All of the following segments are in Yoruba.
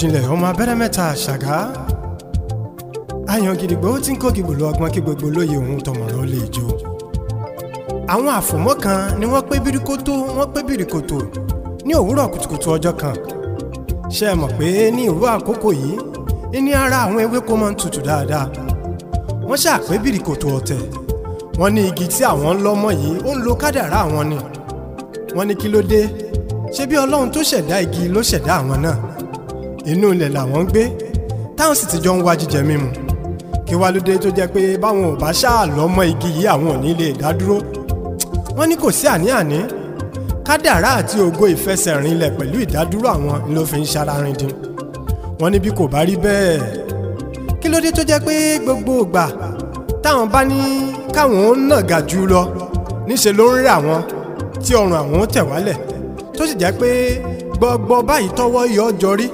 jinlẹ̀ ọmọ abẹ́rẹ́ mẹ́ta àṣàgá ayan gidigbo ó ti ń kó gìgbòlò ọgbọ́n kí gbogbo lóye òun tọmọ̀rọ̀ lè jó àwọn àfòmọ́ kan ni wọ́n pé bíríkótó wọ́n pé bíríkótó ní òwúrọ̀ kùtùkùtù ọjọ́ kan ṣe é mọ̀ pé ní òwúrọ̀ àkókò yìí ní ara àwọn ewéko máa ń tutù dáadáa wọ́n ṣàpé bíríkótó ọ̀tẹ̀ wọ́n ní igi tí àwọn ń lọ́mọ yìí ó ń lo kádàrá àwọn ni wọ́n ní kí ló dé ṣé bí ọlọ́run tó ṣẹ̀dá igi ló ṣẹ̀dá àwọn náà inú ilẹ̀ làwọn ń gbé táwọn sì ti jọ ń wá jíjẹ mímu kí wá ló dé tó jẹ́ pé báwọn ò bá ṣáà lọ́mọ igi yìí àwọn ò ní lè dá dúró wọ́n ní kò sí àní-àní kádàrá àti ògo ìfẹsẹ̀rinlẹ̀ pẹ̀lú ìdádúró àwọn ló fi ń ṣararin dín wọ́n ní bí kò bá rí bẹ́ẹ̀ kí ló dé tó jẹ́ pé gbogbo ìgbà táwọn bá ní káwọn ó nàgà jù lọ níṣe ló ń rẹ̀ àwọn tí ọrùn àwọn ó tẹ̀ wálẹ̀ tó sì jẹ́ pé gbọgbọ báyìí tọwọ́ yọ jọrí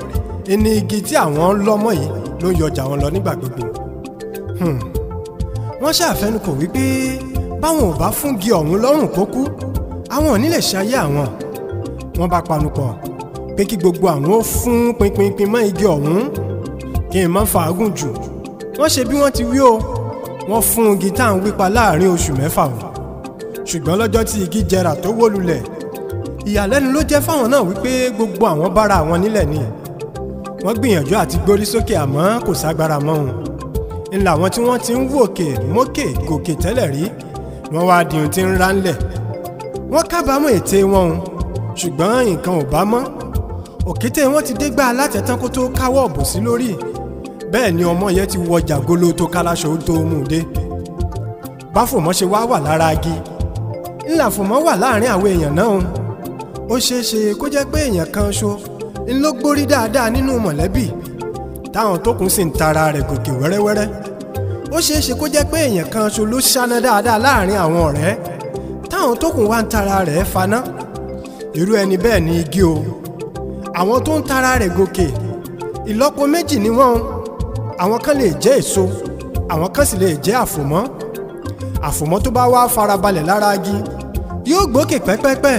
ìní igi tí àwọn ń lọ́mọ́ yìí ló ń yọjà wọn lọ nígbà gbogbo hmm. wọ́n ṣàfẹnukò wípé báwọn ò bá fúngi ọ̀hún lọ́rùn kó kú àwọn ò ní lè ṣayé àwọn wọ́n bá panupọ̀ pé kí gbogbo àwọn ó fún pinpinpin mọ́ igi ọ̀hún kí n má fàágùn jù wọ́n ṣe bí wọ́n ti wí o wọ́n fún igi tá à ń wípa láàrin oṣù mẹ́fà o ṣùgbọ́n lọ́jọ́ tí igi jẹrà tó wó lulẹ̀ ìyàlẹ́nu ló jẹ́ fáwọn náà wípé gbogbo àwọn bára àwọn nílẹ̀ nìyẹn wọ́n gbìyànjú àti gbórí sókè àmọ́ kò ságbára mọ́ òun ńlá wọn tí wọ́n ti ń wòkè mókè gòkè tẹ́lẹ̀ rí wọ́n wá di ohun tí ń ra ńlẹ̀ wọ́n kábàámọ̀ ète wọn òun ṣùgbọ́n nǹkan ò bá mọ́ òkété wọn ti dégbà alátẹ̀tán kó tó káwọ́ ọ̀bùn sí lórí bẹ́ẹ̀ ni ọmọ yẹn ti wọ jàgolo tó káláṣọ tó mú un dé báfòmọ́ ṣe wá wà lára agi ńlá wà láàrin àwọn èèyàn náà ó ṣeé ṣe kó jẹ́ pé èèyàn kan ṣo ń ló gbórí dáadáa nínú mọ̀lẹ́bí táwọn tó kù sì ń tara rẹ̀ gòkè wẹ́rẹ́wẹ́rẹ́ ó ṣeé ṣe kó jẹ́ pé èèyàn kan ṣo ló ṣáná dáadáa láàrin àwọn ọ̀rẹ́ táwọn tó kù wá ń tara rẹ̀ faná irú ẹni bẹ́ẹ̀ ni igi o àwọn tó ń tara rẹ̀ gòkè ìlọ́po méjì ni wọ́n àwọn kan lè jẹ́ èso àwọn kan sì lè jẹ́ àfòmọ́ àfòmọ́ tó bá wá farabalẹ̀ lára igi yóò gbókè pẹ́pẹ́pẹ́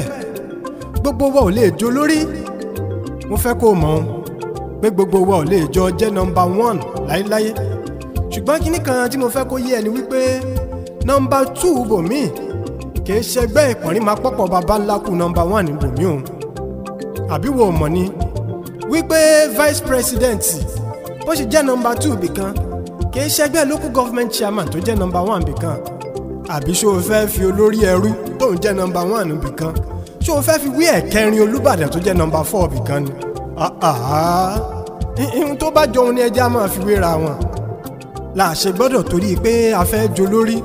gbogbo wa ò lè jó lórí mo fẹ́ kó o mọ̀ ọ́n pé gbogbo wa ò lè jọ jẹ́ nọmba one láéláé ṣùgbọ́n kínní kan tí mo fẹ́ kó yé ẹni wípé nọmba two bòmí kì í ṣẹgbẹ́ ìpọ̀nrín máa pọ̀pọ̀ bàbá ńlá kù nọmba one bòmí òun àbí wo mọ̀ ni wípé vice president bó ṣe jẹ́ nọmba two bìkan kì í ṣẹgbẹ́ local government chairman tó jẹ́ nọmba one bìkan àbí ṣó o fẹ́ fi olórí ẹrú tóun jẹ́ nọmba one bìkan ṣé o fẹ́ fi wí ẹ̀kẹrin Olúbàdàn tó jẹ́ nọmba four bìkan ni ihun tó bá jọun ni ẹja máa fi wéra wọn là ṣe gbọ́dọ̀ torí pé a fẹ́ jolórí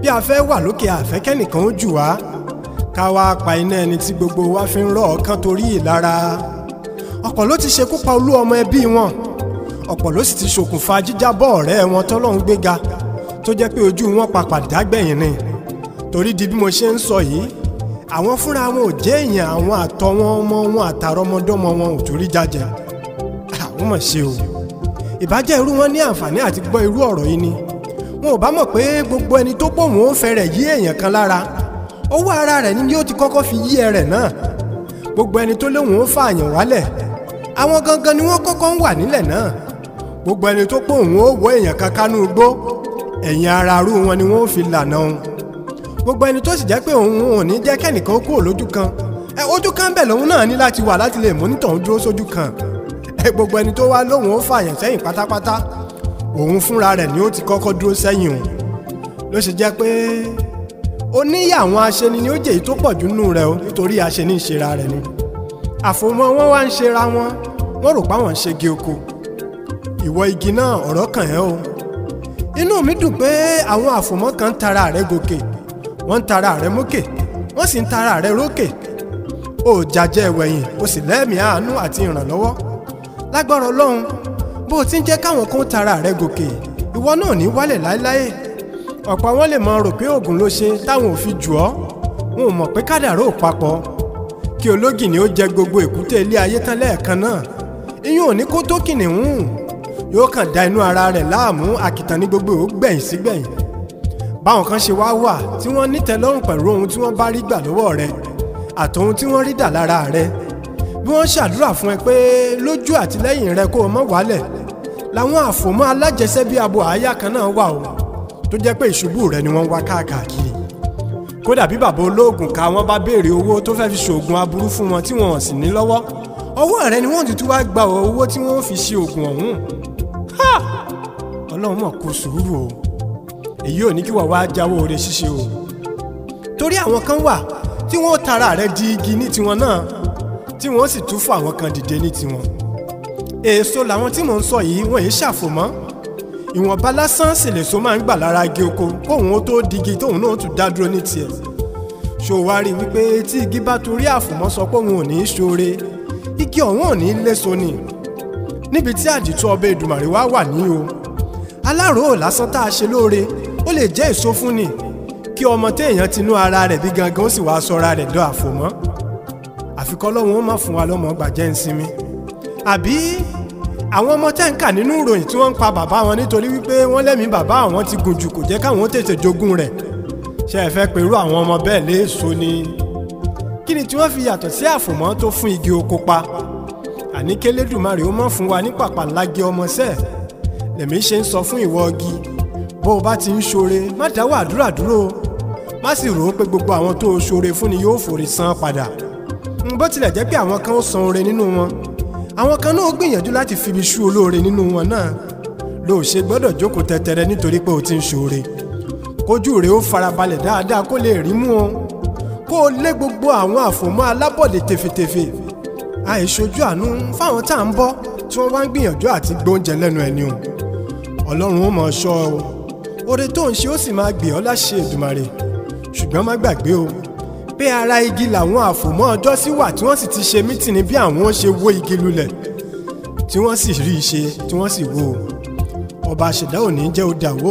bí a fẹ́ wà lókè àfẹ́kẹ́nìkan ó jù wá ká wá pa iná ẹni tí gbogbo wa fi ń rọ̀ ọ̀kan torí ìlara ọ̀pọ̀ ló ti ṣekú pa olú ọmọ ẹbí wọn ọ̀pọ̀ ló sì ti ṣokùnfà jíjábọ̀ ọ̀rẹ́ wọn tọ́lọ́hún gbéga tó jẹ́ pé ojú wọn papà dágbẹ̀yìn ni torí di bí mo ṣe ń sọ yìí àwọn fúnra wọn ò jẹ́ èèyàn àwọn àtọ̀ wọn ọmọ wọn àtàrọmọdọ́mọ wọn ò tún rí jájẹ àwọn mọ̀ ṣe o ìbájẹ́ irú wọn ní àǹfààní àti gbọ́ irú ọ̀rọ̀ yìí ni wọn ò bá mọ̀ pé gbogbo ẹni tó pọ̀ wọn ò fẹ́rẹ̀ yí èèyàn kan lára owó ara rẹ̀ ni yóò ti kọ́kọ́ fi yí ẹrẹ̀ náà gbogbo ẹni tó léwọn ó fààyàn wálẹ̀ àwọn gangan ni wọ́n kọ́kọ́ ń wà nílẹ̀ náà gbogbo ẹni tó pọ̀ wọn ó wọ èèyàn kan kánú igbó ara arú wọn ni wọ́n ó fi lànà òun gbogbo ẹni tó sì jẹ́ pé òun ò ní jẹ́ kẹ́nìkan kúrò lójú kan ẹ ojú kan bẹ̀ lòun náà ní láti wà láti lè mónítọ̀ òun dúró sójú kan ẹ gbogbo ẹni tó wá lóun ó fààyàn sẹ́yìn pátápátá òun fúnra rẹ̀ ni ó ti kọ́kọ́ dúró sẹ́yìn òun ló ṣe jẹ́ pé oníyà àwọn aṣeni ni ó jèyí tó pọ̀ jù nù rẹ̀ o nítorí aṣeni ń ṣera rẹ̀ ni àfòmọ́ wọn wá ń ṣera wọn wọ́n rò páwọn ń ṣege oko ìwọ igi náà ọ̀rọ̀ kàn ẹ́ o inú mi dùn pé àwọn àfòmọ́ kan tara rẹ̀ gòkè wọ́n ń tara rẹ̀ mókè wọ́n sì ń tara rẹ̀ rókè ó jàjẹ́ ìwẹ̀yìn ó sì lẹ́mìí àánú àti ìrànlọ́wọ́ lágbára ọlọ́run bó o ti ń jẹ́ káwọn kan tara rẹ̀ gòkè ìwọ náà ní wálẹ̀ láéláé ọ̀pọ̀ wọn lè máa rò pé oògùn ló ṣe táwọn ò fi jù ọ́ wọn ò mọ̀ pé kádàrá ò papọ̀ kí ológìnní ó jẹ gbogbo èkúté ilé ayé tán lẹ́ẹ̀kan náà iyún òní kó tó kìnìún yóò kàn da inú ara rẹ̀ láàmú àkìtàn ní gbogbo ò gbẹ̀yìn sígbẹ̀yìn báwọn kan ṣe wá wà tí wọ́n nítẹ́lọ́rùn pẹ̀lú ohun tí wọ́n bá rí gbà lọ́wọ́ rẹ àtòhun tí wọ́n rí dà lára rẹ bí wọ́n ṣàdúrà fún ẹ pé lójú àtìlẹ́yìn rẹ kó o mọ̀ wálẹ̀ làwọn àfòmọ́ alájẹsẹ́bí abo àáyá kan náà wà o tó jẹ́ pé ìṣubú rẹ ni wọ́n wá káàkiri kódà bí bàbá olóògùn ká wọn bá béèrè owó tó fẹ́ fi ṣoògùn aburú fún wọn tí wọn ò sì ní lọ́wọ́ ọwọ́ rẹ ni wọ́n tuntun wá gba owó tí wọ́n fi ṣe oògùn ọ̀hún ọlọ́run mọ̀ kó sùúrù o èyí ò ní kí wàá wá jáwọ́ oore ṣíṣe o torí àwọn kan wà tí wọ́n tara rẹ̀ di igi ní tiwọn náà tí wọ́n sì tún fún àwọn kan dìde ní tiwọn èso làwọn tí mò ń sọ yìí wọ́n yìí ṣàfòmọ́ ìwọ̀nba lásán sì lèso máa ń gbà lára igi oko kóun ó tó digi tóun náà tún dá ní tiẹ̀ ṣòwárí wípé tí igi bá torí àfòmọ́ sọ pé òun ò ní í ṣoore igi ọ̀hún ò ní í léso ni níbi tí àdìtú ọbẹ̀ Èdùmàrè wá wà ní o aláròó lásán tá a ṣe lóore ó lè jẹ́ ìsọfúnni kí ọmọ téèyàn tinú ara rẹ̀ bí gangan ó sì wá sọra rẹ̀ dán àfòmọ́ àfikọ́ lọ́wọ́n ó má fún wa lọ́mọ gbàjẹ́ ìsinmi àbí àwọn ọmọ tẹ́ ń kà nínú ìròyìn tí wọ́n ń pa bàbá wọn nítorí wípé wọ́n lẹ́mìí bàbá àwọn ti gùn jù kò jẹ́ káwọn tètè jogún rẹ̀ ṣe é fẹ́ pẹ̀lú àwọn ọmọ bẹ́ẹ̀ léèso ni kí ni tí wọ́n fi yàtọ̀ sí àfòmọ́ tó fún igi oko pa àní kélédùmarè ó mọ̀ fún wa ní pàpàlágé ọmọ sẹ́ẹ̀ lèmi ṣe ń sọ fún ìwọ igi bó o bá ti ń ṣoore má dáwọ́ àdúrà dúró má sì rò ó pé gbogbo àwọn tó o ṣoore fún ni yóò forí san padà hmm, bó tilẹ̀ jẹ́ pé àwọn kan ó san oore nínú wọn àwọn kan náà gbìyànjú láti fi ibi ṣú olóore nínú wọn náà ló ṣe gbọ́dọ̀ jókòó tẹ̀tẹ̀rẹ̀ nítorí pé o ti ń ṣoore kójú rẹ̀ ó farabalẹ̀ dáadáa kó lè rí mú ọ kó o lé gbogbo àwọn àfòmọ́ alábọ̀dé tefetefe àìṣojú àánú fáwọn tá à ń bọ́ tí wọ́n wá ń gbìyànjú àti gbóúnjẹ lẹ́nu ẹni o ọlọ́run ó mọ̀ ọ́ ṣọ́ ọ oore tó ń ṣe ó sì máa gbè ọ́ láṣẹ Èdùmàrè ṣùgbọ́n má gbàgbé o pé ara igi làwọn àfòmọ́ ọjọ́ sí wà tí wọ́n sì ti ṣe mítìní bí àwọn ṣe wó igi lulẹ̀ tí wọ́n sì rí i ṣe tí wọ́n sì wó o ọba àṣẹ̀dá ò ní jẹ́ ó dàwó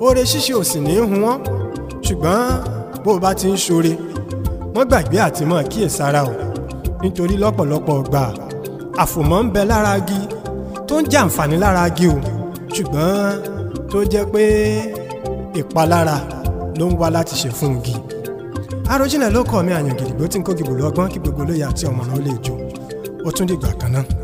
o oore ṣíṣe ò sì ní hun wọ́n ṣùgbọ́n bó o bá ti ń ṣoore wọ́n gbàgbé àti mọ́ kíyèsára o nítorí lọ́pọ̀lọpọ̀ ọgbà àfòmọ́ ń bẹ lára igi tó ń jàǹfààní lára igi o ṣùgbọ́n tó jẹ́ pé ìpalára ló ń wá láti ṣe fún igi Àròjinlẹ̀ ló kọ́ mi àyàn gidigbo tí ń kó gìbò lọ́gbọ́n kí gbogbo olóye àti ọ̀mọ̀ràn ó lè jó ó tún dìgbà kan náà.